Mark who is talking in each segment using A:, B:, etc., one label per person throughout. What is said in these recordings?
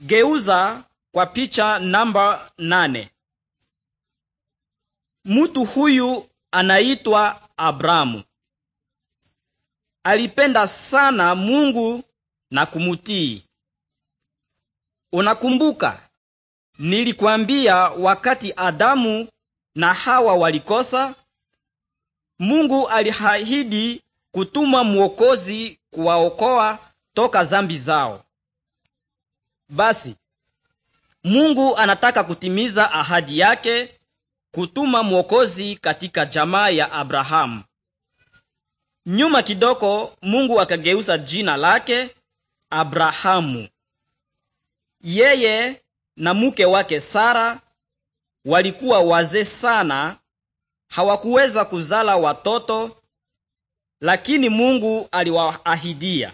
A: Geuza kwa picha namba nane. Mtu huyu anaitwa Abrahamu. Alipenda sana Mungu na kumutii. Unakumbuka nilikwambia wakati Adamu na Hawa walikosa, Mungu alihahidi kutuma mwokozi kuwaokoa toka zambi zao. Basi Mungu anataka kutimiza ahadi yake kutuma mwokozi katika jamaa ya Abrahamu. Nyuma kidoko Mungu akageuza jina lake Abrahamu. Yeye na muke wake Sara walikuwa wazee sana, hawakuweza kuzala watoto, lakini Mungu aliwaahidia.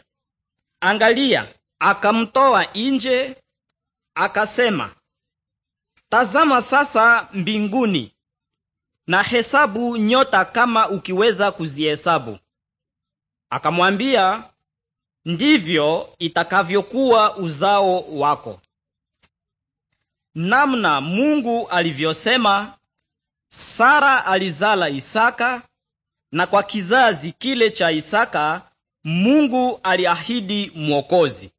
A: Angalia, akamtoa nje, akasema, tazama sasa mbinguni na hesabu nyota kama ukiweza kuzihesabu. Akamwambia, ndivyo itakavyokuwa uzao wako. Namna Mungu alivyosema, Sara alizala Isaka, na kwa kizazi kile cha Isaka Mungu aliahidi mwokozi.